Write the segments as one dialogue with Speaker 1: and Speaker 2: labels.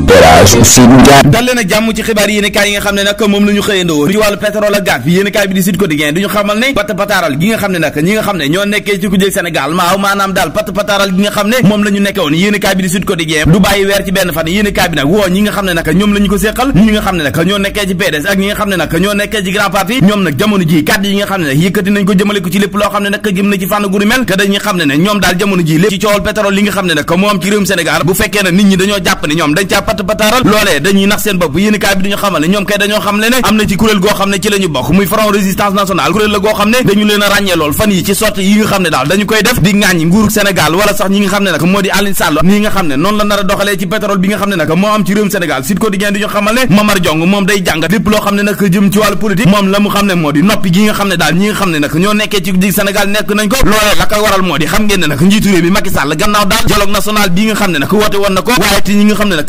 Speaker 1: Elhadji jàmm ci xibaar yéen yi nga xam ne nag moom la ñu xëyandoo ci wàllu pétrole ak gaz bi bi di Sud Quotidien du ñu xamal ne pat pataaral gi nga xam ne nag ñoo nekkee ci kujjeg ak ñi nga xam ne nag ñoo nekkee ci Grand Parti ñoom nag jamono ji kàddu yi nga xam ne nag yëkkati nañ ko jëmale ko ci lépp loo xam ne nag jëm na ci fànn guru mel te xam ne ne ñoom daal jamono ji lépp ci coowal pétrole li nga xam ne nag moom ci réewum pat loolee dañuy nax seen bopp yéen kaay bi dañu xamal ne ñoom kay dañoo xam le ne am na ci kuréel goo xam ne ci la bokk muy front résistance nationale kuréel la goo xam ne dañu moo di noppi gi nga xam ne daal ñi nga xam ne nag ñoo nekkee ci dig nekk nañ ko loolee la ko waral moo di xam ngeen ne njiitu réew bi Macky Sall gannaaw daal dialogue national bi nga xam ne nag woote woon na ko waaye te ñi nga xam ne nag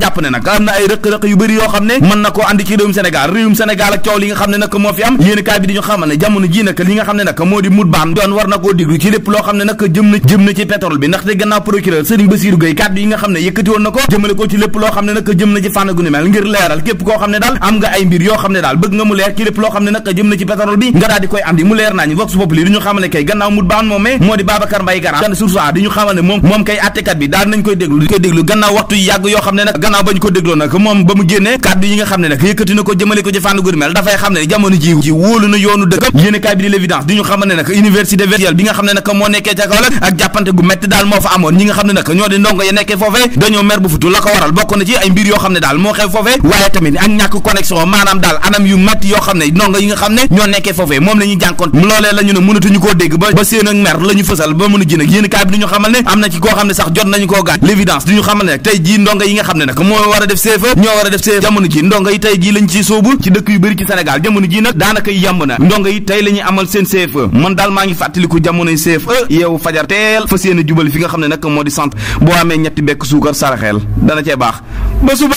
Speaker 1: jàpp ne nag am na ay rëq-rëq yu bëri yoo xam ne mën na koo andi ci réewum Sénégal réewum Sénégal ak coow li nga xam ne nag moo fi am yéen kaay bi daal am koy andi di koy déglu gannaaw waxtu yàgg yoo xam ne nag gannaaw nag moom ba mu génnee kàddu yi nga xam ne nag yëkkati ko jëmale ko ci fànn gu dafay xam ne jamono ji wóolu na yoonu dëkkam yéene kaay bi ñu a xamal ne am na ci koo xam ne sax jot nañu koo gaañ l'évidence di ñu xamal ne nag tey jii ndongo yi nga xam ne nag moo war a def CFEE ñoo war a def CFEE jamono ji ndongo yi tey jii lañ ciy sóobu ci dëkk yu bëri ci Sénégal jamono ji nag daanaka yàmb na ndongo yi tey la ñuy amal seen CFEE man daal maa ngi fàttaliku jamonoy CFEE yeewu fajar teel fas yéene jubal fi nga xam ne nag moo di sant boo amee ñetti bekk suukar saraxeel dana cee baax ba suba.